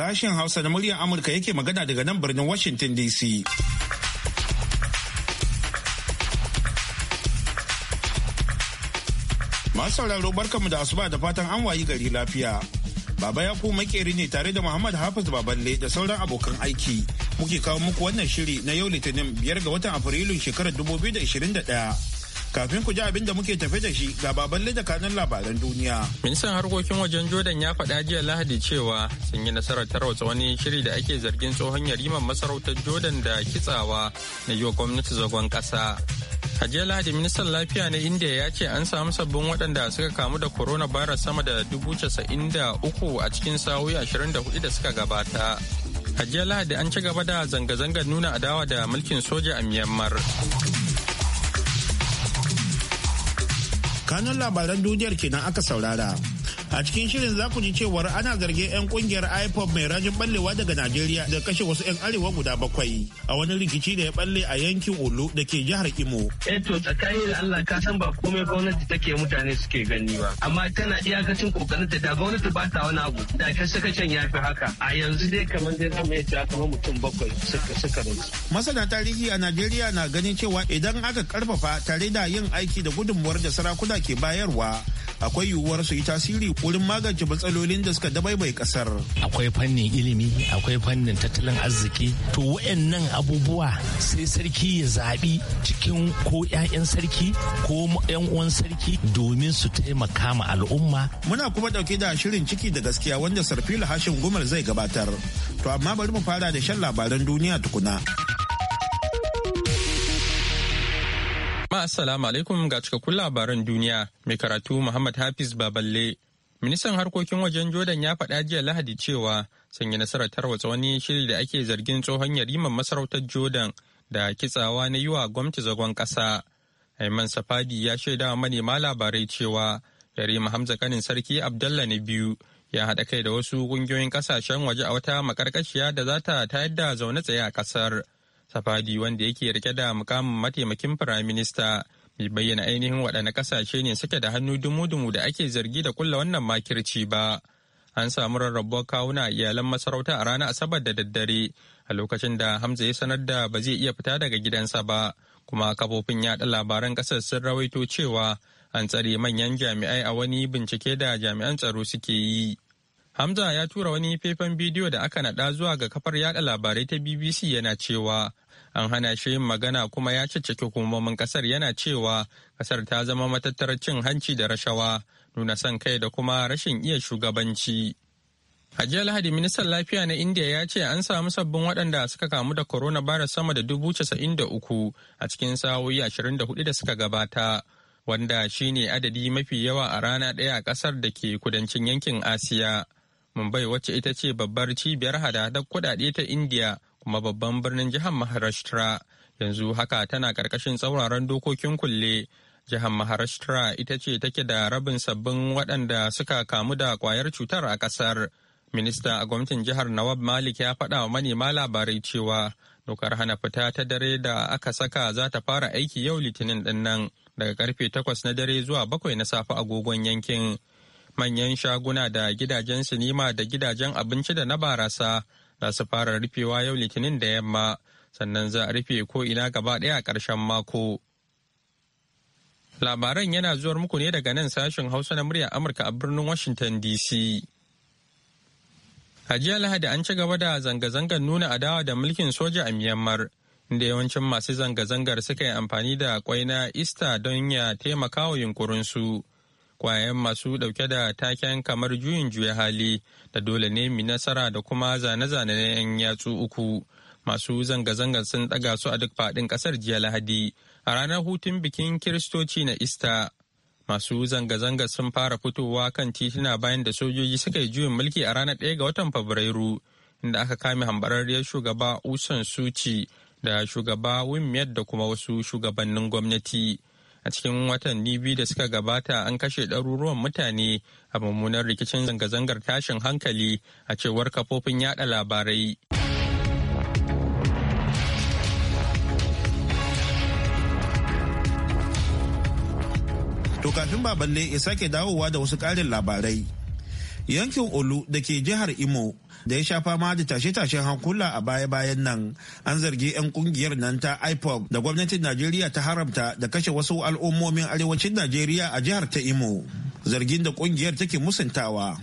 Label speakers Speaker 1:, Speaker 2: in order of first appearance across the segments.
Speaker 1: Sashen Hausa na muryar Amurka yake magana daga nan birnin Washington DC. Masu sauraro barkanmu da asuba da fatan an wayi gari lafiya. Baba ya ku makeri ne tare da Muhammad Hafiz Baballe da sauran abokan aiki. Muke kawo muku wannan shiri na yau Litinin biyar ga watan Afrilun shekarar 2021. Kafin ku ji abin da muke tafe da shi ga baban da labaran duniya.
Speaker 2: Ministan harkokin wajen Jordan ya faɗa jiya Lahadi cewa sun yi nasarar tarwatsa wani shiri da ake zargin tsohon yariman masarautar Jordan da kitsawa na yiwa gwamnati zagon ƙasa. A Lahadi ministan lafiya na India ya ce an samu sabbin waɗanda suka kamu da coronavirus sama da dubu casa'in da uku a cikin sa'o'i ashirin da hudu da suka gabata. A Lahadi an ci gaba da zanga-zangar nuna adawa da mulkin soja a Myanmar. kanun
Speaker 1: labaran duniyar kenan aka saurara. a cikin shirin za ku ji cewar ana zargin 'yan kungiyar ipop mai rajin ballewa daga najeriya da kashe wasu 'yan arewa guda bakwai a wani rikici da ya balle a yankin olu da ke jihar imo eto eh tsakani da allah ka san ba komai gwamnati take mutane suke gani ba
Speaker 3: amma tana iyakacin kokarin ta da gwamnati ba ta wani abu da ka sakacin ya fi haka
Speaker 4: a yanzu dai kamar dai zama ya kamar mutum bakwai suka suka rasu
Speaker 1: masana tarihi a najeriya na ganin cewa idan aka karfafa tare da yin aiki da gudunmuwar da sarakuna ke bayarwa akwai yiwuwar su yi tasiri wurin magance matsalolin da suka dabaibai kasar.
Speaker 4: Akwai fannin ilimi, akwai fannin tattalin arziki. To wayannan abubuwa
Speaker 1: sai sarki
Speaker 4: ya zaɓi cikin ko 'ya'yan sarki ko 'yan uwan sarki domin su
Speaker 1: taimaka ma al'umma. Muna kuma ɗauke da shirin ciki da gaskiya wanda Sarfila Hashim Gumar zai gabatar. To amma bari mu fara da shan labaran duniya tukuna.
Speaker 2: assalamu alaikum ga cikakkun labaran duniya mai karatu muhammad hafiz baballe ministan harkokin wajen jordan ya faɗa jiya lahadi cewa sanya nasarar tarwatsa wani shiri da ake zargin tsohon yariman masarautar jordan da kitsawa na yiwa wa gwamnati zagon ƙasa aiman safadi ya shaida wa manema labarai cewa yarima hamza kanin sarki abdallah na biyu ya haɗa kai da wasu ƙungiyoyin ƙasashen waje a wata makarƙashiya da za ta tayar da zaune tsaye a ƙasar Safadi wanda yake rike da mukamin mataimakin firaminista bai bayyana ainihin waɗanne ƙasashe ne suke da hannu dumu-dumu da ake zargi da kulla wannan makirci ba. An samu rarrabuwar kawuna a iyalan masarauta a ranar Asabar da daddare a lokacin da Hamza ya sanar da ba zai iya fita daga gidansa ba kuma kafofin yaɗa labaran ƙasar sun rawaito cewa an tsare manyan jami'ai a wani bincike da jami'an tsaro suke yi. Hamza ya tura wani faifan bidiyo da aka naɗa zuwa ga kafar yada labarai ta BBC yana cewa an hana shi yin magana kuma ya cicciki hukumomin kasar yana cewa kasar ta zama matattarar cin hanci da rashawa nuna son kai da kuma rashin iya shugabanci. A jiya Lahadi ministan lafiya na India ya ce an samu sabbin waɗanda suka kamu da coronavirus sama da dubu casa'in da uku a cikin sa'o'i ashirin da hudu da suka gabata. Wanda shine adadi mafi yawa a rana ɗaya a ƙasar da ke kudancin yankin Asiya. Mumbai wacce ita ce babbar cibiyar hada kuɗaɗe ta India kuma babban birnin jihar Maharashtra yanzu haka tana ƙarƙashin tsauraran dokokin kulle. Jihar Maharashtra ita ce take da rabin sabbin waɗanda suka kamu da kwayar cutar a ƙasar. Minista a gwamnatin jihar Nawab Malik ya faɗa wa manema labarai cewa dokar hana fita ta dare da aka saka za ta fara aiki yau litinin ɗin nan daga karfe takwas na dare zuwa bakwai na safe agogon yankin. manyan shaguna da gidajen sinima da gidajen abinci da na barasa za su fara rufewa yau litinin da yamma sannan za a rufe ina gaba ɗaya a ƙarshen mako. Labaran yana zuwar muku ne daga nan sashen Hausa na murya Amurka a birnin Washington DC. A jiya Lahadi an ci gaba da zanga-zangar nuna adawa da mulkin soja a Myanmar, inda yawancin masu zanga-zangar suka yi amfani da kwai na Ista don ya taimaka wa yunkurinsu. kwayan masu dauke da taken kamar juyin juya hali da dole ne mi nasara da kuma zane-zane na 'yan yatsu uku masu zanga-zangar sun daga su a duk fadin kasar jiya lahadi a ranar hutun bikin kiristoci na ista masu zanga zanga sun fara fitowa kan tituna bayan da sojoji suka yi juyin mulki a ranar 1 ga watan fabrairu inda aka kame hambararriyar shugaba usan suci da shugaba wimiyar da kuma wasu shugabannin gwamnati a cikin watanni biyu da suka gabata an kashe ɗaruruwan mutane a mummunan rikicin zanga-zangar tashin hankali a cewar kafofin yada labarai to kafin baballe ya
Speaker 1: sake dawowa da wasu ƙarin labarai yankin olu da ke jihar imo da ya sha fama da tashe-tashen hankula a baya-bayan nan an zargi 'yan kungiyar nan ta ipob da gwamnatin najeriya ta haramta da kashe wasu al'ummomin arewacin najeriya a jihar ta imo zargin da kungiyar take musantawa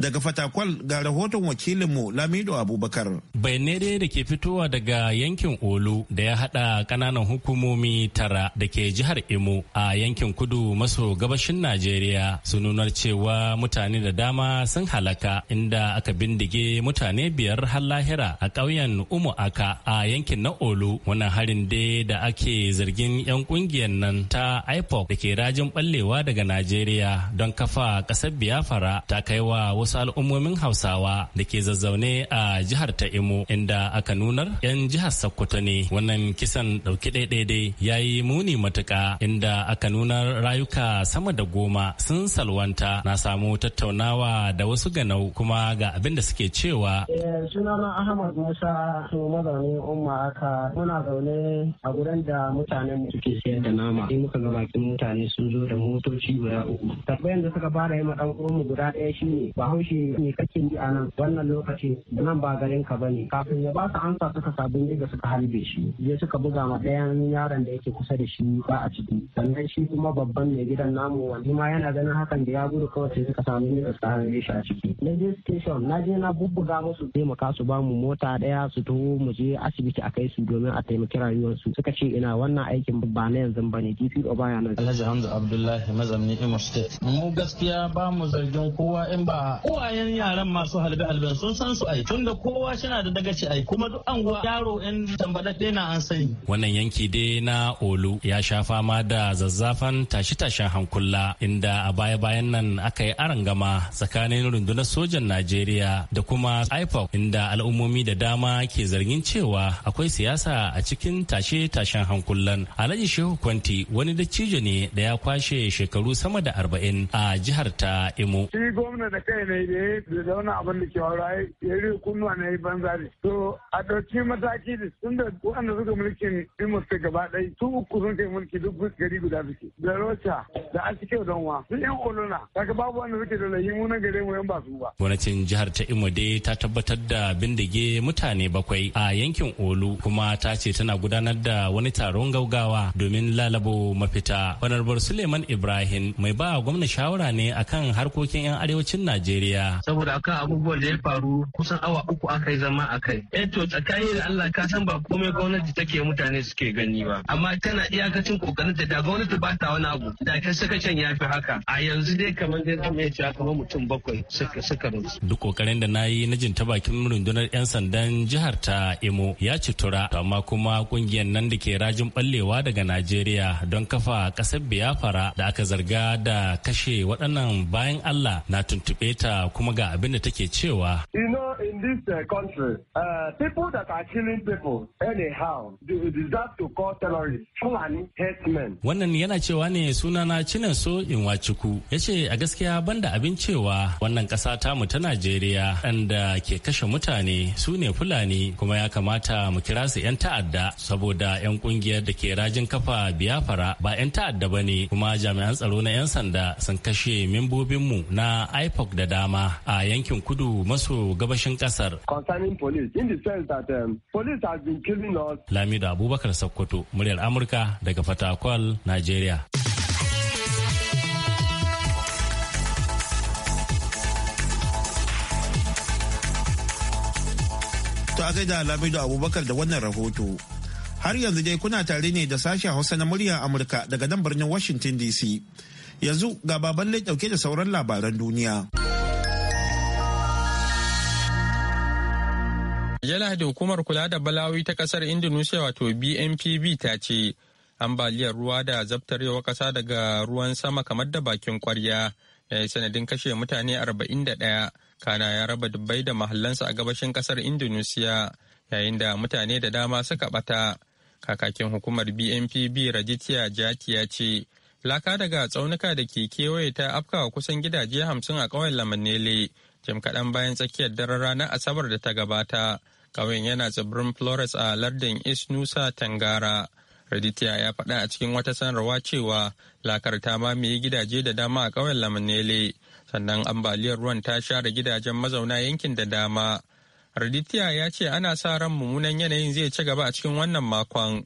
Speaker 1: Daga Fatakwal ga rahoton wakilinmu Lamido Abubakar.
Speaker 5: ne dai da ke fitowa daga yankin Olu da ya haɗa ƙananan hukumomi tara da ke jihar Imo a yankin kudu maso gabashin Najeriya su nunar cewa mutane da dama sun halaka inda aka bindige mutane biyar har lahira a ƙauyen Umu Aka a yankin na Olu wannan harin dai da ake zargin 'yan kungiyar nan ta IPOC da ke rajin ɓallewa daga Najeriya don kafa ƙasar biyafara ta kai wa wasu al'ummomin hausawa da ke zazzaune a jihar ta imo inda aka nunar 'yan jihar sokoto ne wannan kisan ɗauki ɗaiɗaiɗai ya yi muni matuƙa inda aka nunar rayuka sama da goma sun salwanta na samu tattaunawa da wasu ganau kuma ga abin da suke cewa.
Speaker 6: Eh, sunana ahmad musa to mazaunin umma aka muna zaune a gurin da mutanen suke sayar da nama sai muka ga bakin mutane sun zo da motoci guda uku tabbayan da suka fara yi ma ɗan guda ɗaya shine ba bahaushe ne kake yi a nan wannan lokacin nan ba garin ka bane kafin ya ba ka amsa suka sabon da suka harbe shi ya suka buga ma ɗayan yaron da yake kusa da shi ba a ciki sannan shi kuma babban mai gidan namu wani ma yana ganin hakan da ya gudu kawai sai suka samu ne da suka harbe shi a ciki na je station na je na bubbuga musu taimaka su ba mu mota ɗaya su taho mu je asibiti a kai su domin a taimaki rayuwarsu suka ce
Speaker 5: ina wannan aikin ba na yanzu ba ne DPO baya na. Alhaji Hamza Abdullahi mazamni Imo State mu gaskiya ba mu zargin kowa in ba uwayen yaran masu halbe halben sun san su ai tunda kowa suna da dagaci ai kuma duk anguwa yaro yan tambadadde na an sani wannan yanki dai na olu ya sha fama da zazzafan tashi-tashin hankula inda a baya-bayan nan aka yi arangama tsakanin rundunar sojan najeriya da kuma ipoc inda al'ummomi da dama ke zargin cewa akwai siyasa a cikin tashe-tashen hankulan alhaji shehu kwanti wani dattijo ne da ya kwashe shekaru sama da arba'in a jihar ta imo
Speaker 1: shi gwamna da kai ne ne da ya zauna abin da ke wara ya yi kunnuwa na yi banza ne. To a ɗauki mataki da sun da wanda suka mulkin Imo
Speaker 3: gaba ɗai su uku sun kai mulki duk gari guda suke. Da Rocha da Asike Donwa su ƴan
Speaker 1: Olona kaga babu wanda suke da layi munan na gare mu yan ba su ba.
Speaker 5: Gwamnatin jihar ta Imo dai ta tabbatar da bindige mutane bakwai a yankin Olu kuma ta ce tana gudanar da wani taron gaugawa domin lalabo mafita. Honorable Suleiman Ibrahim mai ba gwamna shawara ne akan harkokin 'yan arewacin Najeriya. Najeriya. Saboda akan abubuwan da ya faru kusan awa uku aka yi zama a kai. Eh to tsakani da Allah ka san ba komai gwamnati take mutane suke gani ba.
Speaker 3: Amma tana iyakacin ta da gwamnati ba ta wani abu. Da ta sakacin ya fi haka. A yanzu
Speaker 4: dai kamar dai zama iya cewa kamar mutum bakwai suka suka rusu.
Speaker 5: Duk kokarin da na yi na jin ta bakin rundunar 'yan sandan jihar ta Imo ya ci tura amma kuma kungiyar nan da ke rajin ballewa daga Najeriya don kafa kasar Biafra da aka zarga da kashe waɗannan bayan Allah na tuntuɓe ta kuma ga abin da take cewa.
Speaker 2: You know, in this
Speaker 3: uh, country, uh, people that are killing people anyhow deserve to call terrorists
Speaker 5: Wannan yana cewa ne sunana so in Inwachuku. Ya ce a gaskiya banda abin cewa wannan ƙasa mu ta Najeriya da ke kashe mutane su ne Fulani kuma ya kamata mu kira su 'yan ta'adda saboda 'yan kungiyar da ke rajin kafa biyafara ba 'yan ta'adda ba ne kuma jami'an tsaro na 'yan sanda sun kashe membobinmu na IPOC da dama a yankin kudu maso gabashin kasar. Concerning police, in the sense that um, police has been killing us. Lamido Abubakar Sokoto, muryar Amurka daga Fatakwal, Najeriya.
Speaker 1: To a gaida Lamido Abubakar da wannan rahoto. Har yanzu dai kuna tare ne da sashen Hausa na muryar Amurka daga nan birnin Washington DC. yanzu ga baban lai dauke da sauran labaran duniya.
Speaker 2: Yana da hukumar kula da balawi ta kasar Indonesia wato BNPB ta ce ambaliyar ruwa da zabtarewa kasa daga ruwan sama kamar da bakin kwarya ya yi sanadin kashe mutane 41 kana ya raba dubbai da mahallansa a gabashin kasar Indonesia yayin da mutane da dama suka bata. Kakakin hukumar BNPB rajitia Jati ya ce laka daga tsaunuka da ke kewaye ta afkawa kusan gidaje hamsin a ƙauyen Lamanele jim kaɗan bayan tsakiyar daren ranar Asabar da ta gabata. kauyen yana tsibirin Flores a lardin East Nusa Tangara. Raditya ya faɗa a cikin wata sanarwa cewa lakar ta mamaye gidaje da dama a ƙauyen Lamanele, sannan ambaliyar ruwan ta share gidajen mazauna yankin da dama. Raditya ya ce ana sa ran mummunan yanayin zai ci gaba a cikin wannan makon.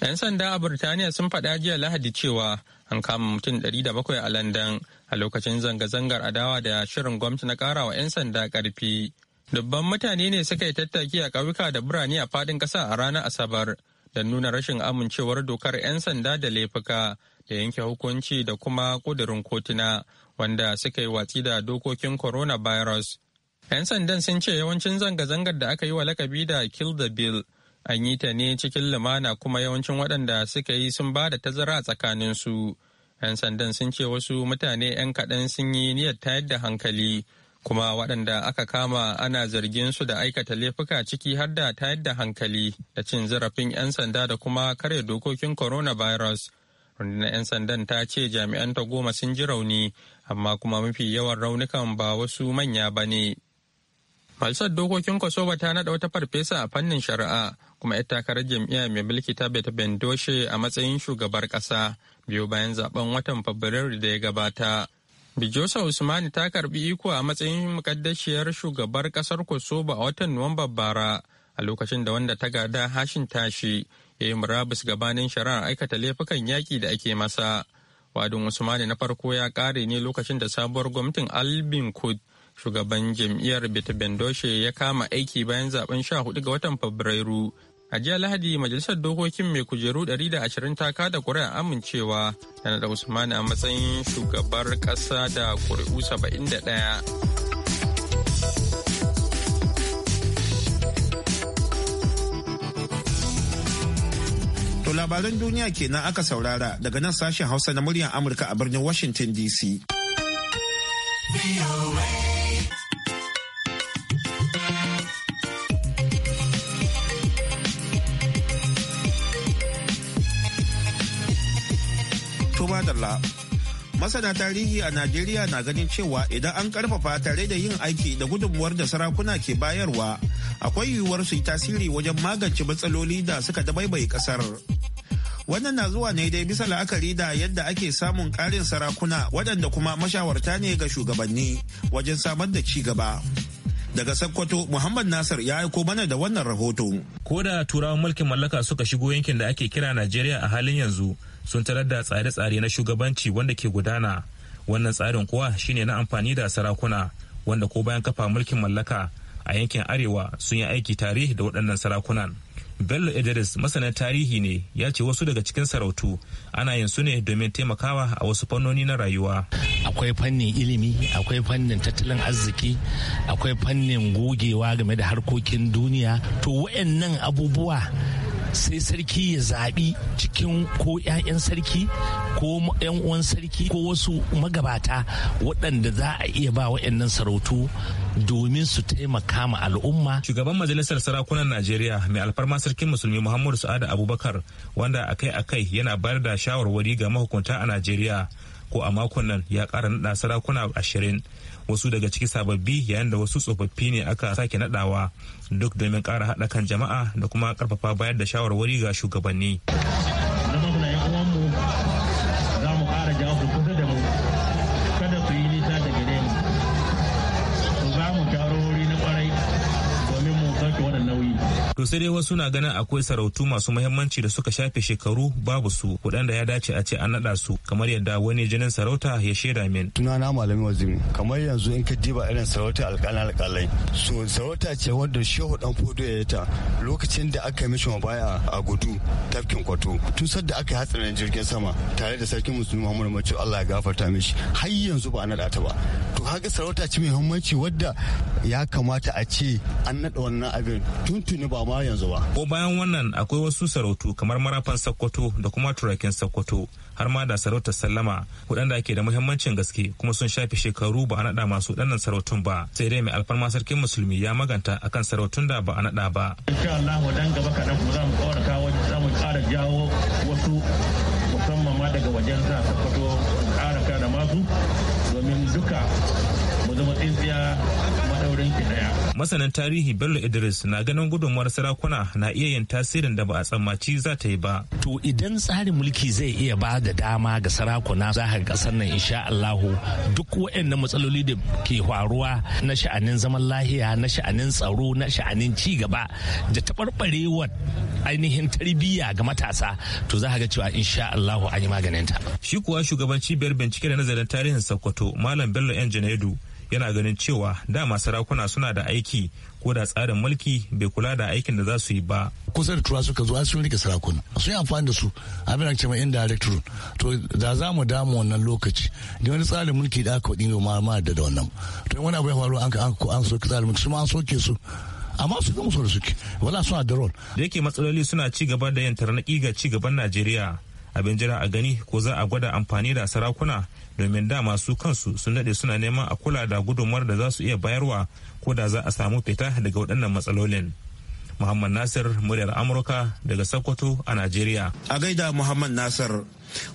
Speaker 2: 'Yan sanda a Birtaniya sun faɗa jiya Lahadi cewa an kama mutum 700 a London a lokacin zanga-zangar adawa da shirin gwamnati na ƙara wa 'yan sanda ƙarfi. Dubban mutane ne suka yi tattaki a ƙauyuka da birane a faɗin ƙasa a ranar Asabar don nuna rashin amincewar dokar 'yan sanda da laifuka da yanke hukunci da kuma ƙudurin kotuna wanda suka yi watsi da dokokin coronavirus. 'Yan sandan sun ce yawancin zanga-zangar da aka yi wa lakabi da Kill the Bill an yi ta ne cikin lumana kuma yawancin waɗanda suka yi sun ba da tazara a tsakaninsu. 'Yan sandan sun ce wasu mutane 'yan kaɗan sun yi niyyar tayar da hankali. kuma waɗanda aka kama ana zargin su da aikata laifuka ciki har da tayar da hankali da cin zarafin 'yan sanda da kuma kare dokokin coronavirus rundunar 'yan sandan ta ce jami'an ta goma sun ji rauni amma kuma mafi yawan raunukan ba wasu manya ba ne falsar dokokin kosoba ta naɗa wata farfesa a fannin shari'a kuma ita takarar jam'iyyar mai mulki ta beta bendoshe a matsayin shugabar ƙasa biyu bayan zaben watan fabrairu da ya gabata Bijosa Usmani ta karbi iko a matsayin mukaddashiyar shugabar kasar Kosovo a watan Nuwamba bara a lokacin da wanda ta gada hashin tashi ya yi murabus gabanin shari'ar aikata laifukan yaƙi da ake masa. Wadin Usmani na farko ya ƙare ne lokacin da sabuwar gwamnatin Albin Kud shugaban jam'iyyar Bita ya kama aiki bayan zaben 14 ga watan Fabrairu A jiya Lahadi Majalisar Dokokin mai kujeru 120 ta kada kuri'a amincewa da usman Usmani a matsayin shugabar ƙasa da ƙuri'u 71.
Speaker 1: To labaran duniya kenan aka saurara daga nan sashen Hausa na muryar Amurka a birnin Washington DC. madalla. Masana tarihi a Najeriya na ganin cewa idan an karfafa tare da yin aiki da gudunmuwar da sarakuna ke bayarwa, akwai yiwuwar su yi tasiri wajen magance matsaloli da suka dabaibaye kasar. wannan na zuwa ne dai bisa la'akari da yadda ake samun karin sarakuna waɗanda kuma mashawarta ne ga shugabanni wajen samar da ci gaba. Daga Sokoto, Muhammad Nasir ya aiko mana da wannan rahoto.
Speaker 7: Ko da turawan mulkin mallaka suka shigo yankin da ake kira Najeriya a halin yanzu, sun tarar da tsare-tsare na shugabanci wanda ke gudana wannan tsarin kuwa shine na amfani da sarakuna wanda ko bayan kafa mulkin mallaka a yankin arewa sun yi aiki tare da waɗannan sarakunan bello idris masanin tarihi ne ya ce wasu daga cikin sarautu ana yin su ne domin taimakawa a wasu fannoni na rayuwa akwai fannin ilimi akwai fannin tattalin arziki akwai
Speaker 4: fannin gogewa game da harkokin duniya to waɗannan abubuwa sai sarki ya zaɓi cikin ko 'ya'yan sarki ko 'yan uwan sarki ko
Speaker 7: wasu magabata
Speaker 4: waɗanda za a iya ba waɗannan sarautu domin su
Speaker 7: taimaka
Speaker 4: ma al'umma.
Speaker 7: Shugaban Majalisar Sarakunan Najeriya mai alfarma sarkin musulmi Muhammadu Sa'ada Abubakar wanda akai-akai yana bayar da shawarwari ga mahukunta a Najeriya ko a makon nan ya kara naɗa sarakuna ashirin wasu daga ciki sababbi yayin da wasu tsofaffi ne aka sake nadawa duk domin kara haɗa kan jama'a da kuma karfafa bayar da shawarwari ga shugabanni. To sai dai wasu na ganin akwai sarautu masu muhimmanci da suka shafe shekaru babu su da ya dace a ce an naɗa su kamar yadda wani jinin sarauta ya shaida min.
Speaker 3: Tunana malami wazimi kamar yanzu in ka diba irin sarauta alƙalan alƙalai. So sarauta ce wanda shehu dan fodo ya ta lokacin da aka mishi mishi baya a gudu tafkin kwato tun sadda aka yi jirgin sama tare da sarkin musulmi Muhammadu Mace Allah ya gafarta mishi har yanzu ba a naɗa ta ba. To haka sarauta ce mai muhimmanci wadda ya kamata a ce an naɗa wannan abin tuntuni ba ma yanzu ba.
Speaker 7: Ko bayan wannan akwai wasu sarautu kamar marafan Sokoto da kuma turakin Sokoto har ma da sarautar Sallama waɗanda ke da muhimmancin gaske kuma sun shafi shekaru ba a naɗa masu ɗannan sarautun ba sai dai mai alfarma sarkin musulmi ya maganta akan sarautun da ba a naɗa ba.
Speaker 4: Insha Allah dan gaba kaɗan kuma za mu ƙara kawo za mu ƙara jawo wasu musamman ma daga wajen za Sokoto ƙara kada masu domin duka mu zama tsintsiya maɗaurin ki ɗaya.
Speaker 7: masanin tarihi bello idris na ganin gudunmuwar sarakuna na iya yin tasirin da ba a tsammaci za ta yi ba
Speaker 4: to idan tsarin mulki zai iya ba da dama ga sarakuna za ka kasar nan insha allahu duk wa'annan matsaloli da ke faruwa na sha'anin zaman lahiya na sha'anin tsaro na sha'anin ci gaba da taɓarɓarewar ainihin tarbiyya ga matasa to za a ga cewa insha allahu an yi maganinta
Speaker 7: shi kuwa shugaban cibiyar bincike da nazarin tarihin sokoto malam bello yan janaidu yana ganin cewa dama sarakuna suna da aiki ko da tsarin mulki bai kula da aikin da za su yi ba. kusa da tura suka zo sun rike
Speaker 4: sarakuna sun yi amfani da su abin da cewa indirect rule to da za mu damu wannan lokaci da wani tsarin mulki da aka dinga ma ma da wannan to wani abu ya faru an an soke tsarin mulki su
Speaker 7: ma an soke su amma su ga musu da suke wala suna da rol. da yake matsaloli suna ci gaba da yin tarnaƙi ga ci gaban najeriya abin jira a gani ko za a gwada amfani da sarakuna domin da masu kansu sun daɗe suna neman a kula da gudunmuwar da za su iya bayarwa ko da za a samu fita daga waɗannan matsalolin. Muhammad Nasir muryar Amurka daga Sokoto
Speaker 1: a Najeriya. A gaida Muhammad Nasir.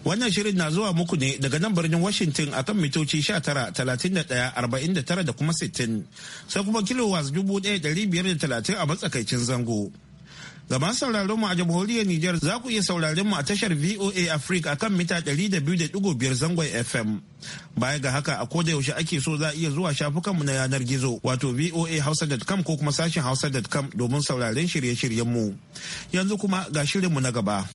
Speaker 1: Wannan shirin na zuwa muku ne daga nan birnin Washington a kan mitoci 19,31,49 da kuma 60 sai kuma kilowatts 1,530 a matsakaicin zango. Ga masu sauraron mu a jamhuriyar Nijar za ku iya sauraron mu a tashar VOA Africa akan mita 200.5 zangon FM. Baya ga haka a koda yaushe ake so za a iya zuwa shafukanmu na yanar gizo wato voahausa.com ko kuma sashen hausa.com domin sauraron shirye-shiryen mu. Yanzu kuma ga shirinmu na gaba.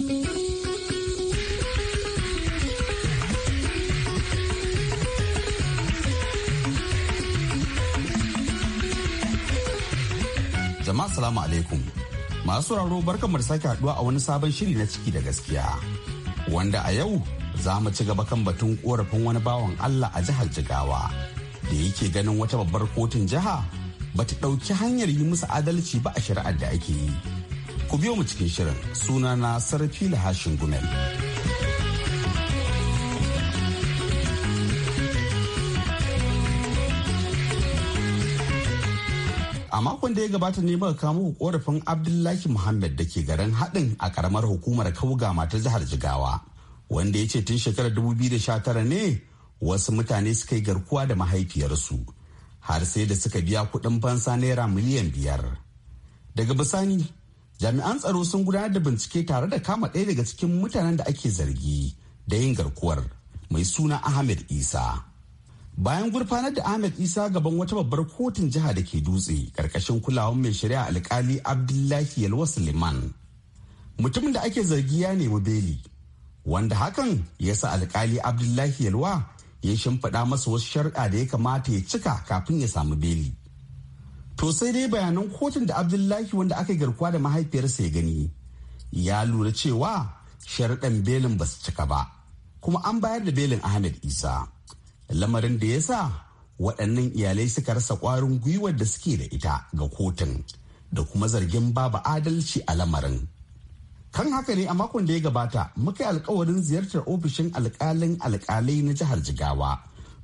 Speaker 3: Jama'a salamu alaikum. Masu raro barkanmu da sake haduwa a wani sabon shiri na ciki da gaskiya. Wanda a yau za mu ci gaba kan batun korafin wani bawan Allah a jihar Jigawa da yake ganin wata babbar kotun jiha ba ta ɗauki hanyar yi musu adalci ba a shari'ar da ake yi. Ku biyo mu cikin shirin sunana Sarfila Hashin Gumel. a makon da ya gabata ne muka kamo korafin abdullahi muhammad da ke garin haɗin a karamar hukumar kauga mata jihar jigawa wanda ya ce tun shekarar 2019 ne wasu mutane suka yi garkuwa da mahaifiyarsu har sai da suka biya kuɗin fansa naira miliyan biyar daga bisani jami'an tsaro sun gudanar da bincike tare da kama ɗaya daga cikin mutanen da ake zargi da yin garkuwar mai suna ahmed isa bayan gurfanar da ahmed isa gaban wata babbar kotun jiha da ke dutse karkashin kulawan mai shari'a alkali abdullahi yalwa suleiman mutumin da ake zargi ya nemi beli wanda hakan ya sa alkali abdullahi yalwa ya shimfiɗa masa wasu sharɗa da ya kamata ya cika kafin ya samu beli to sai dai bayanan kotun da abdullahi wanda aka garkuwa da mahaifiyarsa ya gani ya lura cewa sharɗan belin ba su cika ba kuma an bayar da belin ahmed isa lamarin da ya sa waɗannan iyalai suka rasa ƙwarin gwiwar da suke da ita ga kotun da kuma zargin babu adalci a lamarin kan haka ne a makon da ya gabata muka yi alkawarin ziyartar ofishin alkalin alkalai na jihar jigawa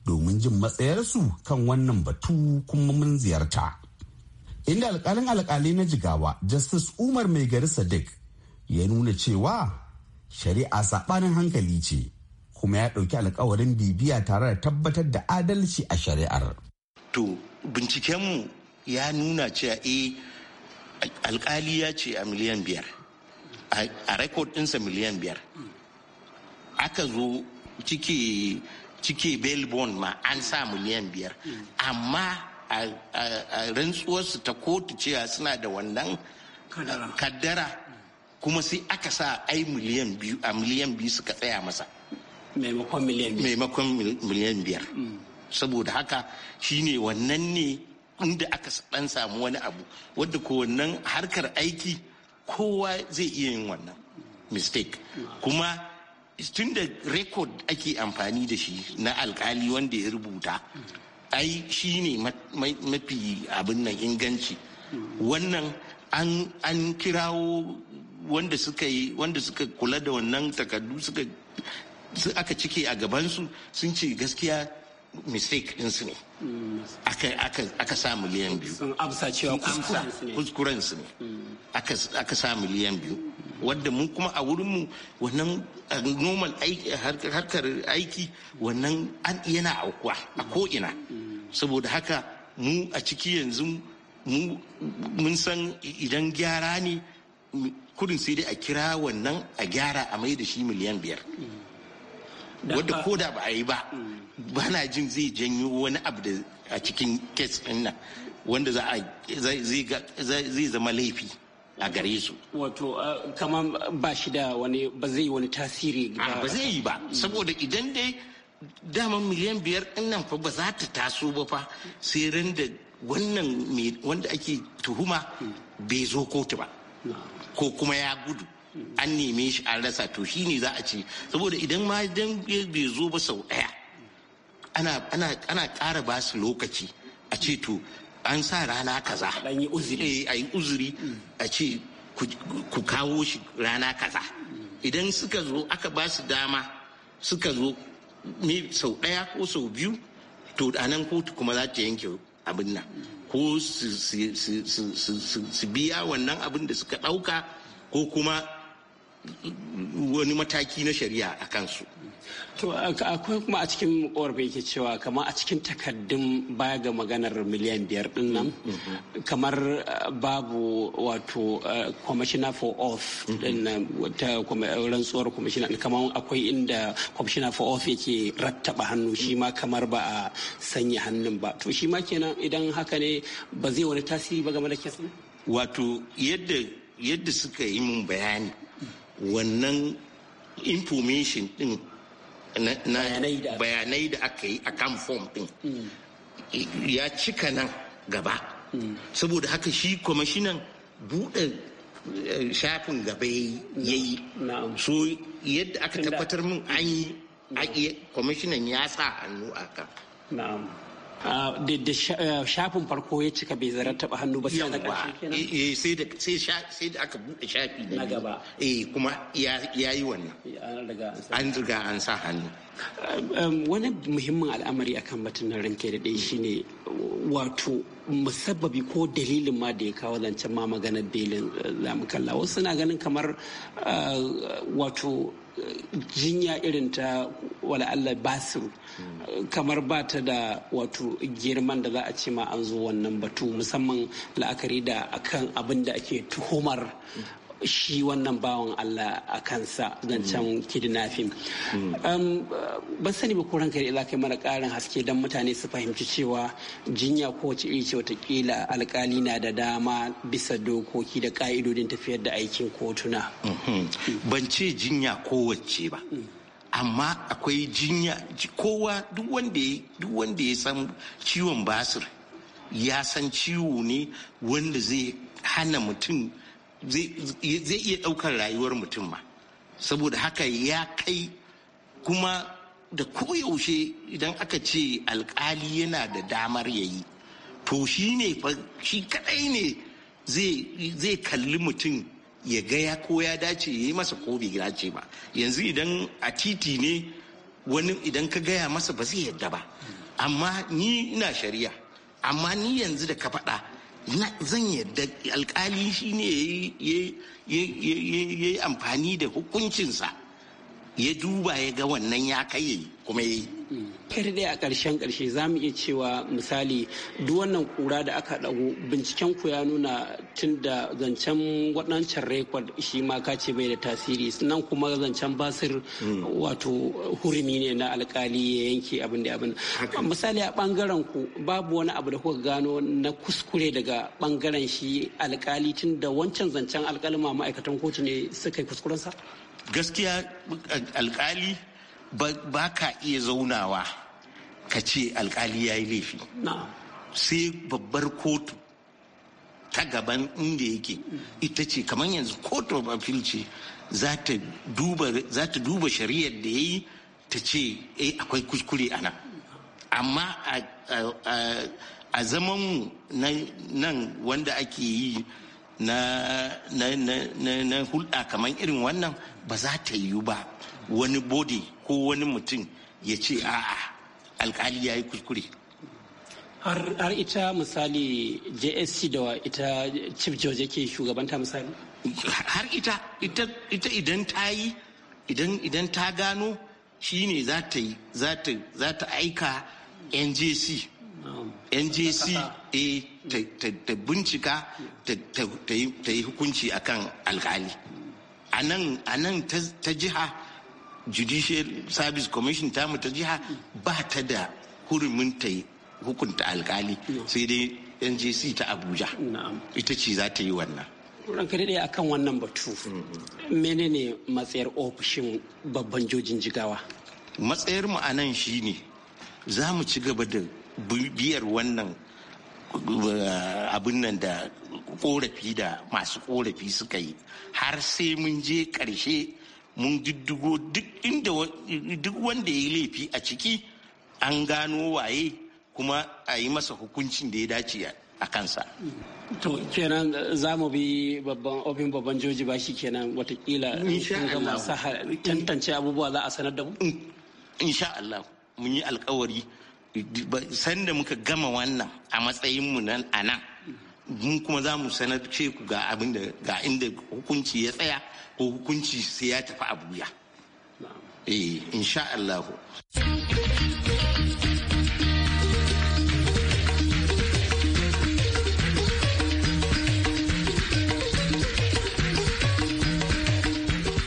Speaker 3: domin jin matsayarsu kan wannan batu kuma mun ziyarta inda alkalin alkalai na jigawa justice umar mai gari sadiq ya nuna cewa shari'a saɓanin hankali ce kuma ya ɗauki alkawarin bibiya tare da tabbatar da adalci a shari'ar.
Speaker 8: To bincikenmu ya nuna cewa e eh, alkali ya ce a miliyan biyar a rekod ɗinsa miliyan biyar aka zo cike cike bail bond ma an sa miliyan biyar amma a rantsuwarsu ta kotu cewa suna da wannan kaddara kuma sai aka sa ai miliyan biyu a miliyan biyu suka tsaya masa maimakon miliyan biyar mm. saboda haka shine wannan ne inda aka dan samu wani abu wadda ko wannan harkar aiki kowa zai iya yin wannan mistake mm. kuma tun da rekod ake amfani da shi na alkali wanda ya rubuta mm. ai shi ne mafi abin nan inganci wannan an kirawo wanda suka kula da wannan takardu suka sun aka cike a gabansu sun ce gaskiya mistake ɗinsu ne aka sa miliyan biyu kuskurensu ne aka sa miliyan biyu wadda hmm. mu kuma a wurinmu wannan eh, normal harkar aiki wannan an yana aukuwa a ko'ina hmm. saboda haka mu a ciki yanzu mun san idan gyara ne kudin sai dai a kira wannan a gyara a mai da shi miliyan biyar hmm. wadda ko da ba a yi ba ba na jin zai janyo wani abu da a cikin kes ɗin nan wanda zai zama laifi a gare su. Wato kamar ba shi da wani ba zai wani tasiri. ba zai yi ba mm. saboda idan dai daman miliyan biyar nan fa ba za ta taso ba fa sai ran da wannan wanda ake tuhuma mm. bai zo kotu ba ko kuma ya gudu an neme shi an rasa to shi ne za a ce saboda idan ma idan bai zo ba sau ɗaya ana kara ba su lokaci a ce to an sa rana kaza a eh, yi uzuri a ce ku kawo shi rana kaza idan suka zo aka ba su dama suka zo sau ɗaya ko sau biyu to a nan kotu kuma za ta yanke abin nan ko su biya wannan abin da suka ɗauka ko kuma wani mataki na shari'a a kansu. To akwai kuma a cikin
Speaker 6: ƙorafi yake cewa kamar a cikin takaddun baya ga maganar miliyan biyar din nan kamar uh, babu wato uh, commissioner for oath din nan ta rantsuwar commissioner kamar akwai inda commissioner for oath yake rattaba hannu shi ma kamar ba a sanya hannun ba to shi ma kenan idan haka ne ba zai wani
Speaker 8: tasiri ba game da kesin. Wato yadda yadda suka yi mun bayani wannan information din bayanai da aka yi a kan form din mm. ya cika nan gaba mm. saboda haka shi kwamishinan buɗe eh, shafin gaba ya yi so yadda aka tabbatar min an yi mm. kwamishinan ya sa hannu a kan
Speaker 6: Ah, da ah, shafin farko ya cika bai zarar taba
Speaker 8: hannu ba sai eh, eh, da sai da aka buɗe shafi na gaba eh kuma ya yi wannan an riga an sa hannu ah, um, wani
Speaker 6: muhimmin al'amari akan batun ranke da dai shine wato musabbabi ko dalilin ma da ya kawo zancen ma maganar belin zamu kalla wasu na ganin kamar wato jinya irin ta wala'alla basir kamar ba ta da wato girman da za a ce ma an zo wannan batu musamman la'akari da akan abin da ake tuhumar shi wannan bawan Allah a kansa can mm. kidnapping. Mm. Um, ban sani ba ko kai za kai mana karin haske don mutane su fahimci cewa jinya ko wace iri ce watakila alkali na da dama bisa dokoki da ƙa'idodin tafiyar da aikin kotuna.
Speaker 7: Mm-hmm.
Speaker 8: Mm. Ban ce jinya kowace ba. Amma akwai jinya kowa duk wanda ya san ciwon basir ya san ciwo ne wanda zai hana mutum zai iya ɗaukar rayuwar mutum ma saboda haka ya kai kuma da koyaushe idan aka ce alkali yana da damar ya yi to shi ne shi kadai ne zai kalli mutum ya gaya ko ya dace ya yi masa ko bai dace ba yanzu idan a titi ne wani idan ka gaya masa ba zai yadda ba amma ni ina shari'a amma ni yanzu da ka faɗa zan yadda alkali shi ne ya yi amfani da hukuncinsa ya duba ya ga wannan ya kai kuma ya yi
Speaker 6: kar dai a karshen karshe za mu iya cewa misali duk wannan kura da aka dago binciken ku ya nuna tun da zancen waɗancan rekod shi ma ka ce bai da tasiri nan kuma zancen basir wato hurumi ne na alkali ya yanke abin da abin misali a bangaren ku babu wani abu da kuka gano na kuskure daga bangaren shi alkali tun da wancan zancen alkalima ma'aikatan kotu ne suka yi kuskurensa
Speaker 8: gaskiya alkali ba ka iya zaunawa ka ce alkali ya yi laifi sai babbar kotu ta gaban inda yake ita ce kamar yanzu kotu of appeal ce za ta duba shari'ar da ya yi ta ce eh akwai kuskure a nan amma a zamanmu nan wanda ake yi na hulɗa kamar irin wannan ba za ta yiwu ba wani bodi ko wani mutum ya ce a'a alkali ya yi kuskure
Speaker 6: har ita misali jsc da
Speaker 8: wa ita chief george ke shugabanta misali har ita ita idan ta yi idan ta gano shi ne za ta aika njc ah. njc eh ta bincika ta yi hukunci akan alkali a nan ta jiha judicial service commission tamu ta jiha ba ta da hurumin ta yi hukunta alkali sai dai njc ta abuja ita ce za ta yi wannan ranka daidai a kan wannan batu
Speaker 6: menene
Speaker 8: matsayar ofishin babban jojin jigawa matsayar mu a nan shine za mu ci gaba da biyar wannan abin nan da korafi da masu korafi suka yi har sai mun je karshe mun diddigo duk inda duk wanda ya yi laifi a ciki an gano waye kuma a yi masa hukuncin da ya dace a kansa.
Speaker 6: To kenan za mu bi babban ofin babban joji ba shi kenan watakila
Speaker 8: tantance abubuwa za a sanar da mu? Insha Allah mun yi alkawari sanda muka gama wannan a matsayinmu nan a nan mun kuma za mu sanar ce ku ga abin da ga inda hukunci ya tsaya ko hukunci sai ya tafi abuya eh insha Allah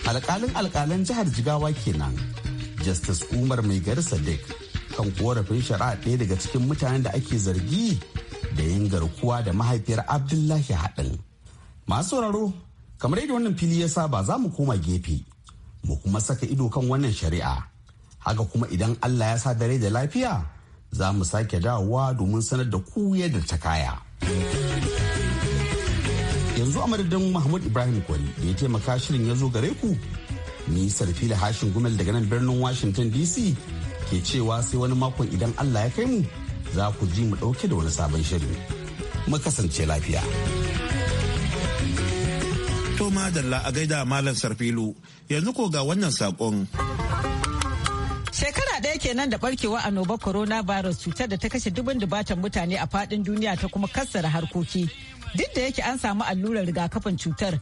Speaker 3: alkalin alkalin jihar jigawa kenan justice umar mai gari sadiq kan korafin shari'a ɗaya daga cikin mutanen da ake zargi da yin garkuwa da mahaifiyar abdullahi haɗin masu sauraro kamar yadda wannan fili ya saba za mu koma gefe mu kuma saka ido kan wannan shari'a haka kuma idan allah ya sa dare da lafiya za mu sake dawowa domin sanar da ku yadda ta kaya yanzu a madadin mahmud ibrahim kwari da ya taimaka shirin ya zo gare ku ni sarfila hashin gumel daga nan birnin washington dc ke cewa sai wani makon idan Allah ya kai mu za ku ji mu ɗauke da wani sabon shirin. Mu kasance lafiya.
Speaker 1: To madalla a gaida Malam Sarfilu yanzu ko ga wannan saƙon.
Speaker 6: Shekara ɗaya kenan da barkewa annoba coronavirus cutar da ta kashe dubin dubatan mutane a faɗin duniya ta kuma kassara harkoki. Duk da yake an samu allurar rigakafin cutar,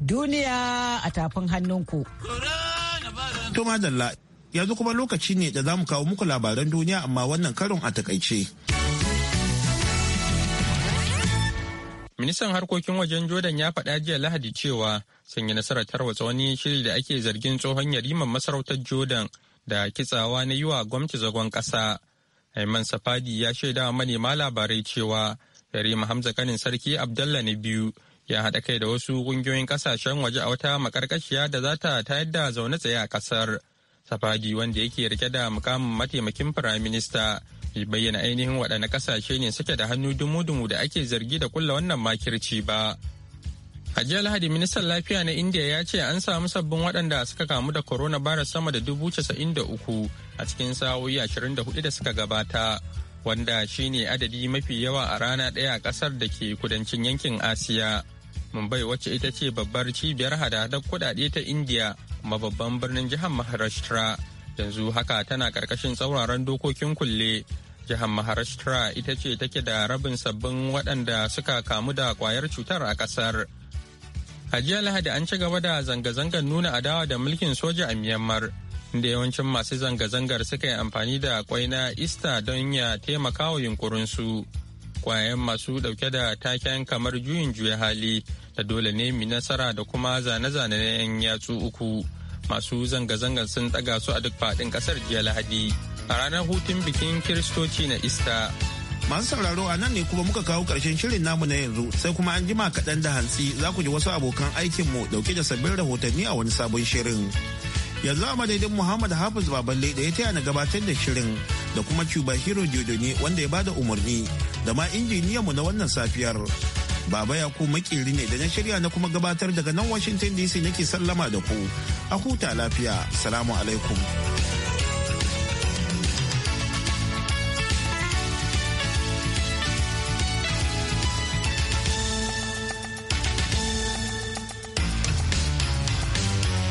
Speaker 6: duniya a tafin hannunku.
Speaker 1: To madalla yanzu kuma lokaci ne da za mu kawo muku labaran duniya amma wannan karon a takaice.
Speaker 2: Ministan harkokin wajen Jordan ya faɗa jiya Lahadi cewa sun yi nasarar tarwatsa wani shiri da ake zargin tsohon yariman masarautar Jordan da kitsawa na yi wa gwamnati zagon ƙasa. Aiman Safadi ya shaidawa manema labarai cewa Yarima Hamza kanin sarki Abdallah na biyu ya haɗa kai da wasu ƙungiyoyin ƙasashen waje a wata makarƙashiya da za ta tayar da zaune tsaye a ƙasar. Safadi wanda yake rike da mukamin mataimakin firayim minista bai bayyana ainihin waɗanne kasashe ne suke da hannu dumu-dumu da ake zargi da kulla wannan makirci ba. A jiya Lahadi ministan lafiya na India ya ce an samu sabbin waɗanda suka kamu da coronavirus sama da dubu casa'in da uku a cikin sa'o'i ashirin da hudu da suka gabata. wanda shine adadi mafi yawa a rana ɗaya a ƙasar da ke kudancin yankin asiya Mumbai wacce ita ce babbar cibiyar hada kudade ta indiya kuma babban birnin jihar Maharashtra yanzu haka tana karkashin tsauraran dokokin kulle. Jihar Maharashtra ita ce take da rabin sabbin waɗanda suka kamu da kwayar cutar a ƙasar. A jiya Lahadi an ci gaba da zanga-zangar nuna adawa da mulkin soja a Myanmar, inda yawancin masu zanga-zangar suka yi amfani da kwai na Ista don ya taimaka wa yunkurinsu. su. kwayan masu dauke da taken kamar juyin juya hali da dole ne mi nasara da kuma zane-zane na 'yan yatsu uku masu zanga zangan sun ɗaga su a duk faɗin ƙasar jiya lahadi a ranar hutun bikin kiristoci na ista
Speaker 1: masu sauraro a nan ne kuma muka kawo ƙarshen shirin namu na yanzu sai kuma an jima kaɗan da hantsi za ku ji wasu abokan aikinmu dauke da sabbin rahotanni a wani sabon shirin. yanzu a madadin muhammad hafiz baballe da ya taya na gabatar da shirin da kuma cuba hero ne wanda ya bada umarni da ma mu na wannan safiyar baba ya ku makiri ne da na shirya na kuma gabatar daga nan washington dc nake sallama da ku a huta lafiya salamu alaikum